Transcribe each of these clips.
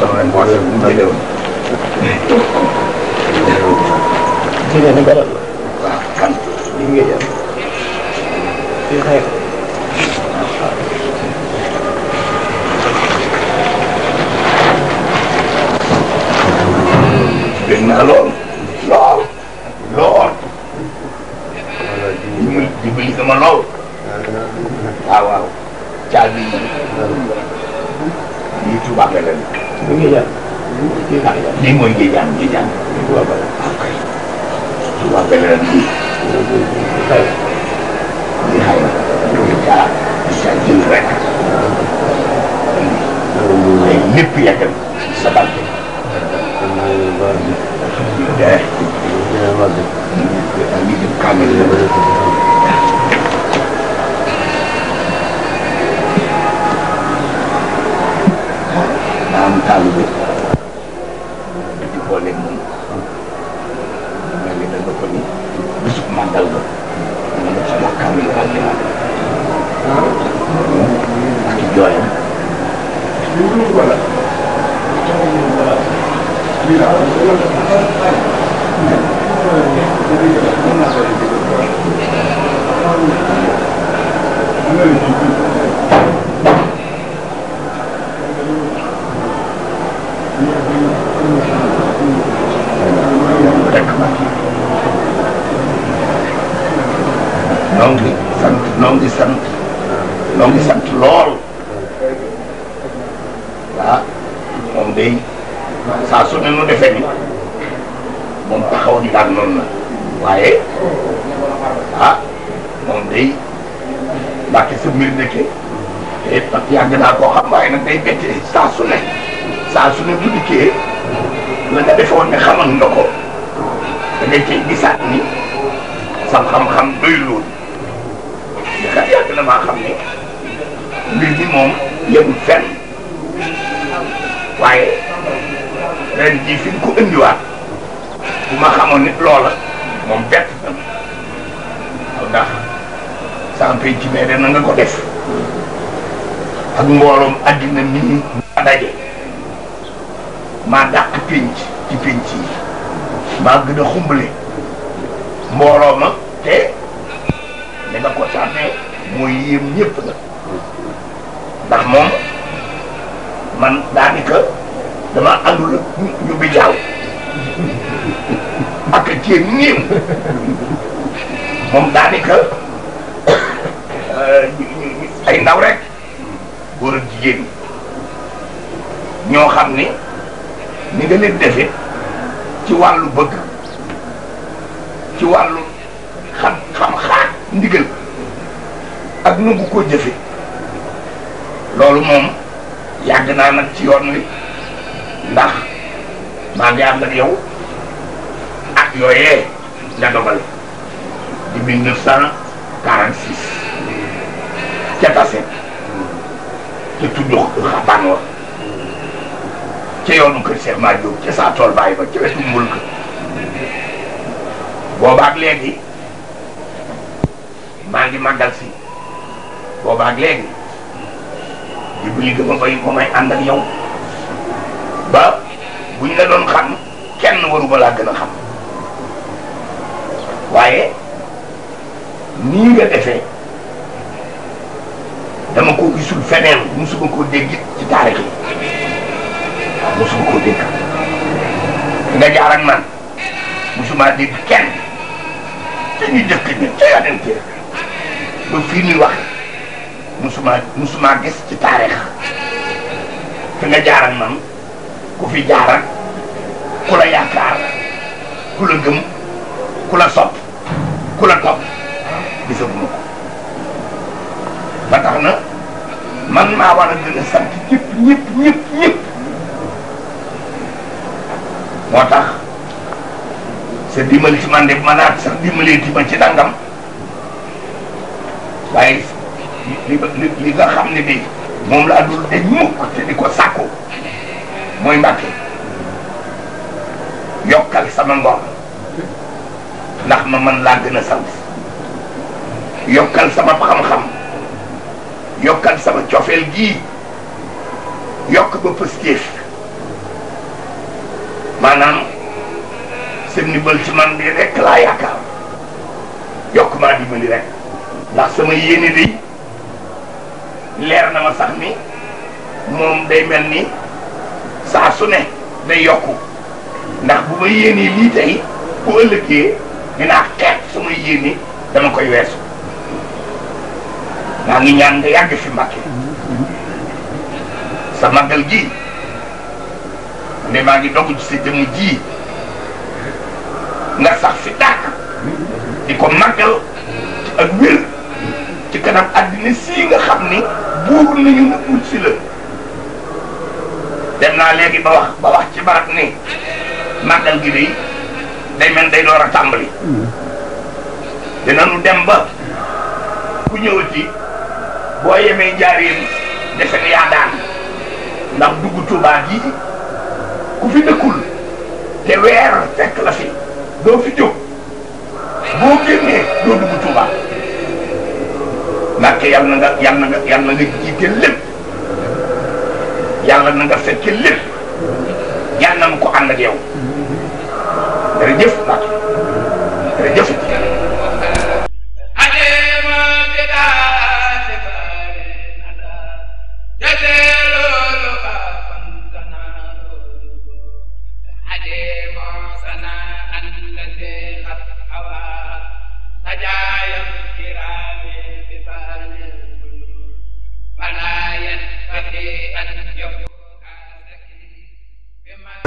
rồi mọi người cũng tới được thế này nó có được và cần ý nghĩa tiếp theo đừng nói lộn lộn lộn chỉ bị cái mà lộn wow wow cha đi như chú lên đúng chưa chị nguyện gì dành gì dành doyen. noo ngi sant noo ngi sant noo ngi sant lool day saa su ne nu defee ni moom taxaw di daal noonu la waaye ah moom day mbàkke sa mbir nekkee te parce que naa koo xam waaye nag day bettee saa su ne saa su ne bu dikkee la nga defoon xamal nga ko da ngay tey gisaat ni sam xam-xam doy loolu di kat yàgg na maa moom yemul fenn waaye ren jii fi mu ko indiwaat bu ma xamoon nit loola moom bett na ndax sampé ci mais na nga ko def ak mbooloom àddina mi ñu daje maa dàq pénc ci pénc yi maa gën a xumbale mbooloo ma te na nga ko sampé mooy yéem ñëpp na ndax moom man daanika dama àndul ñu bi jaaw ak cee niim moom daanaka euh, ay ndaw rek góor jigéen ñoo xam ni ni nga leen defe ci wàllu bëgg ci wàllu xam xam xaar ndigal ak nu ngu ko jëfe loolu moom yàgg naa nag ci yoon wi ndax maa ngi ànd ak yow ak yooyee nga dogal di mille neuf cent quarante six ca tase ca tudd xabaan wa ca yoonu kër Cheikh Maa Diop ca saa tool bàyyi ba ca wetu mbul ka boobaak léegi maa ngi màggal si boobaak léegi Jibril ga ma koy ma may ànd ak yow ba buñ la doon xam kenn waruma laa gën a xam waaye nii nga defee dama ko gisul feneen musuma koo dégg ci taarix yi ma koo dégg nga jaar ak man musuma dégg kenn te ñu jëkk ña ca yonente ba fii ñuy waxe musuma musuma gis ci taarix fi nga jaar ak man ku fi jaar ak ku la yaakaar ku la gëm ku la sopp ku la topp gisaguma ko ba tax na man maa war a gën a sant ñëpp ñëpp ñëpp ñëpp moo tax sa dimbali ci man de sax dimbalee ci ma ci nangam waaye li li nga xam ne bi moom laa dul dañ mukk te di ko sàkku mooy Mbàkke yokkal sama ngor ndax ma man laa gën a sant yokkal sama xam-xam yokkal sama cofeel gii yokk ba positif maanaam seen nibal ci man bi rek laa yaakaar yokk maa dimbali rek ndax sama yéene day leer na ma sax ni moom day mel ni saa su ne day yokku ndax bu ma yéenee lii tey bu ëllëgee dinaa xeet su yéene dama koy weesu maa ngi ñaan nga yàgg fi Mbàkke sa màggal gi ne maa ngi dogu si sa jëmm ji nga sax fi dàkk di ko màggal ak wér ci kanam àddina sii nga xam ni buur li ñu si la dem naa léegi ba wax ba wax ci barab ni màggal gi day day mel day door a tàmbali dinañu dem ba ku ñëwati boo yemee njaareem defe ne yaa daan ndax dugg Tuubaa gi ku fi dëkkul te weer fekk la fi doo fi jóg boo génnee doo dugg Tuubaa Mbàkke yàlla na nga yàlla na nga yàlla na nga jiite lépp yàlla na nga fekke lépp yàlla na ko ànd ak yow jërëjëf Mbàkke jërëjëf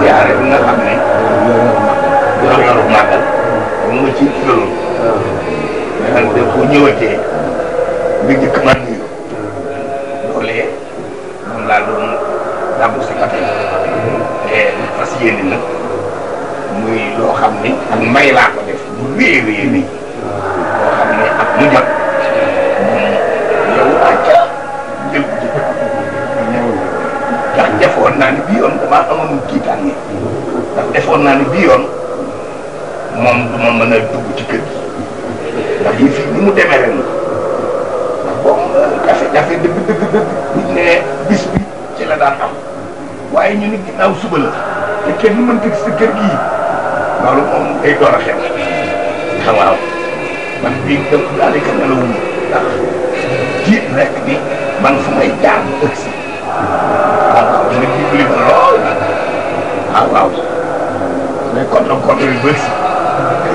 siyaare bi nga xam ne. yoon yoonu màggal. mu ci loolu. xam ne bu ñëwatee. nga jëkk maa nuyu. loolee moom laa doon dàggu si matin. te muy loo xam ni ak may laa ko def bu wéyee wéyee loo xam ne ak mu jot. ndax defoon naa ne bii yoon damaa amoon defoon naa ne bii yoon moom du ma mën a dugg ci kër gi ndax yi fii ni mu demee ren ndax boo dafe dafe dëgg dëgg dëgg nit ne bis ci la daan am waaye ñu ni ginnaaw suba la kenn mënta gis sa kër gii loolu moom day door a xew man bii dëkk daal di kan man fu may jaar ëgsi waaw waaw mais kon nag kon yu bëri. Amen.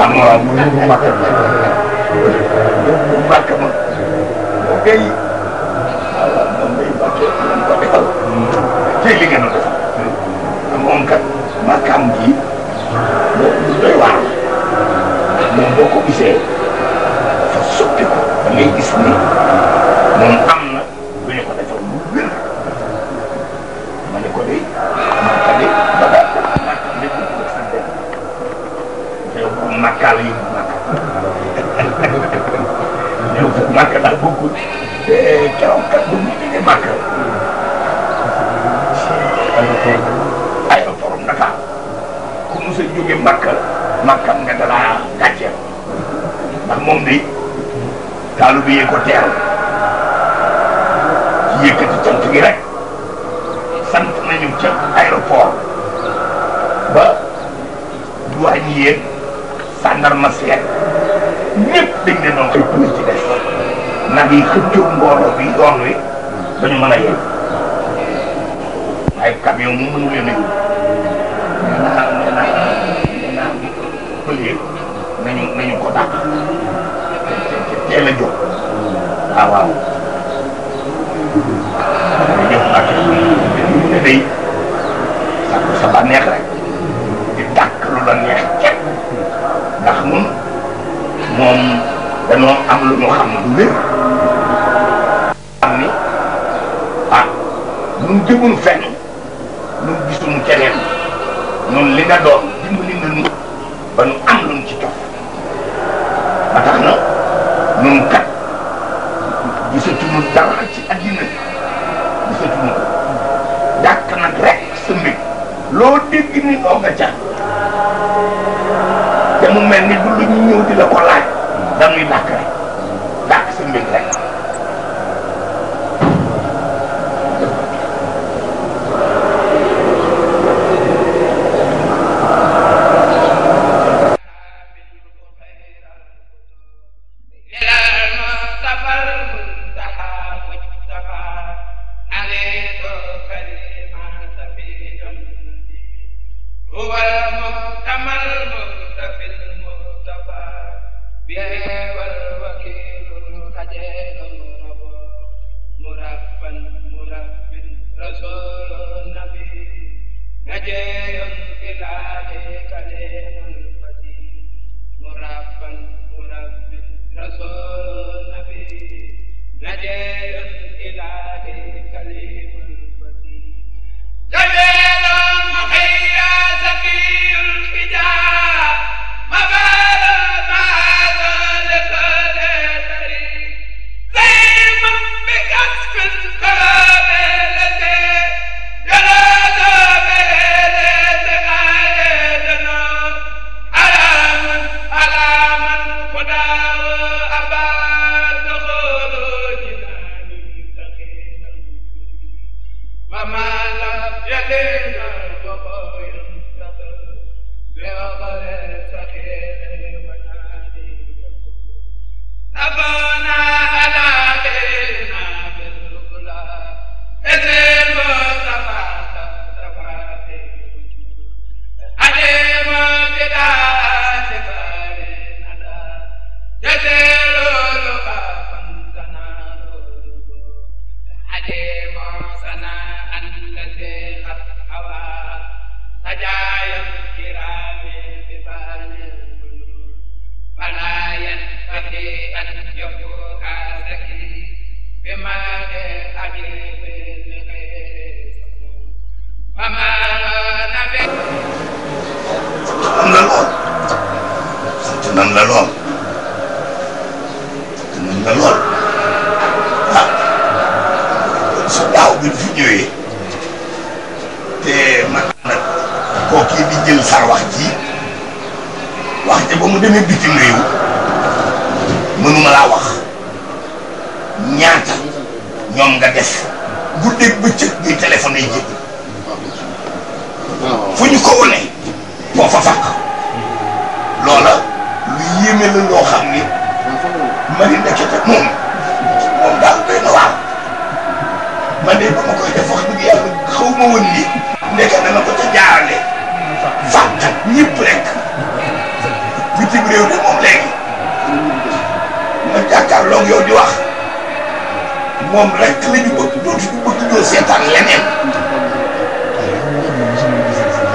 ah waaw mu yóbbu màkk ma yóbbu màkk mu gay waaw moom day bàkkee moom ko defal tey li ngeen a defal moom kat màkkaam gi moom lu doy boo ko gisee dafa soppi ko da ngay gis ni moom am nakali Nyukuk makan aku kut Eh, kau kat bumi ni dia makan Ayo forum nakal Kutu sejuk yang makan Makan dengan darah gajah Namun di Kalau dia kotel Dia kata cantik rek eh. Sampai nyucat aeroport Ba Dua nyiak sanar maslihat nit ding de no ko ci def na gi xëccu mbolo bi doon wi bañu mëna yé ay camion mu mënu leen ni na na na ko li meñu meñu ko tak té la jox awa ni def ak ni day sa ba neex rek danoo am lu ñu xam lu wér xam ni ah ñun jëmul fenn ñun gisuñu keneen li nga doon dimbali nga nu ba nu am luñ ci tof ba tax na ñun kat gisatuñu dara ci addina gisatuñu ko dàkk nag rek sa mbir loo dégg ni doo nga ca te mu mel ni du lu ñu ñëw di la ko laaj dan muy bàkkaar نجي إلى عليك ليل فتي مربا مرب رسول نبي نجي إلى عليك ليل فتي جميل محيا زكي الحجاب مبال بعد لقد تري زيم بكسف القابل nan la lool nan la lool bu ñu fi ñëwee te man nag kooku di jël sar wax ji wax ja ba mu demee bitim réew mënuma laa wax ñaata ñoom nga def guddeeg bëccëg ñuy téléphone yi jënd fu ñu ko wane boo fa fàq lu yéeme la loo xam ni mari ndekete moom man de ba ma koy def wax dëgg yàlla xaw ma woon ni nekk na la ko ca jaarale fàttal ñëpp rek bitim réew de moom léegi ma jàkkaarloog yow di moom rek la ñu bëgg dootu ñu bëgg ñoo seetaan leneen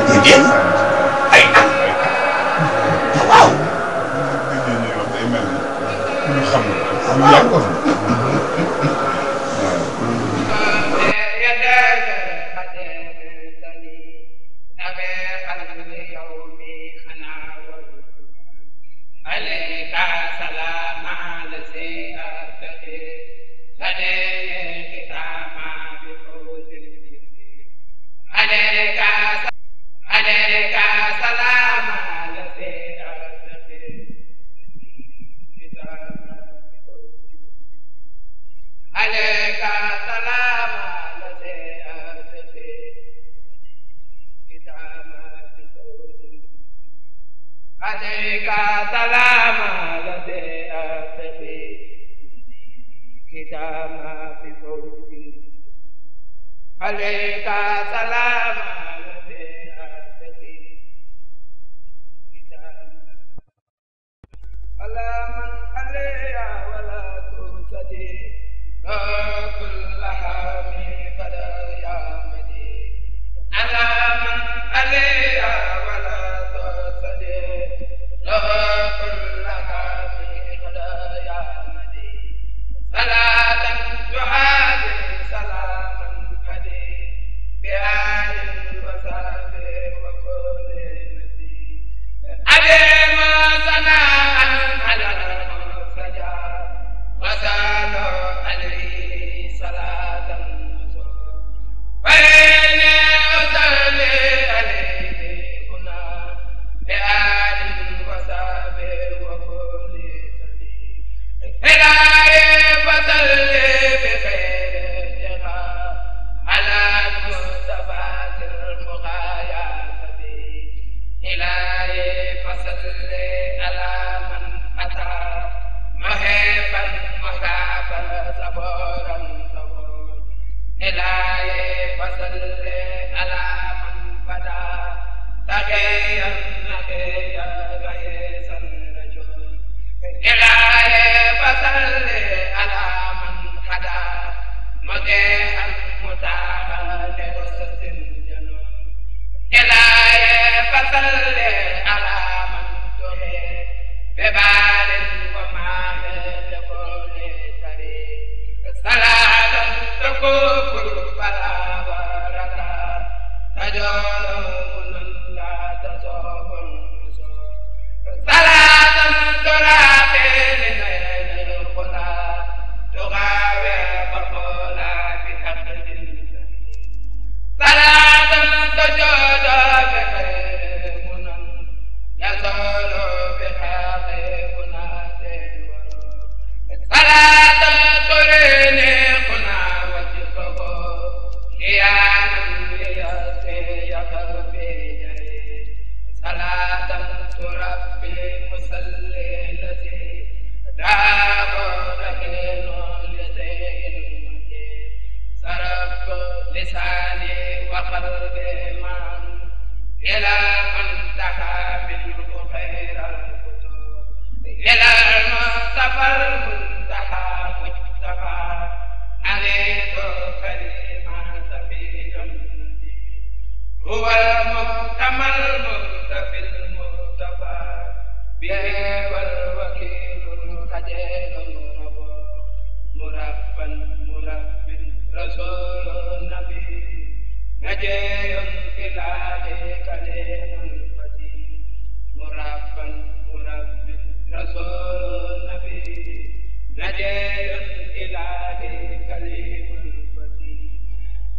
déedéet ay at waaw. Allah man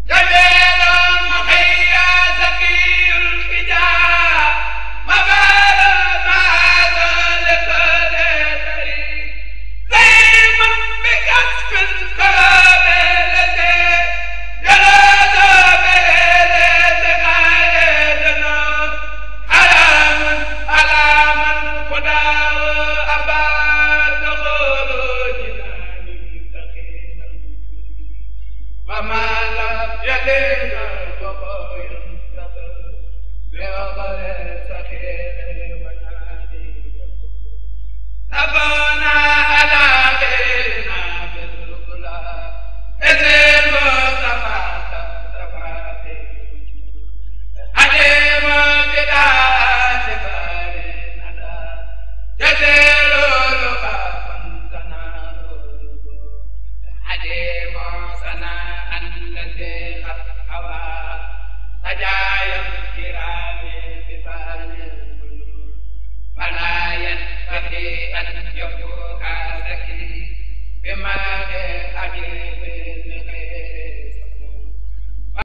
Jaleel Bye-bye.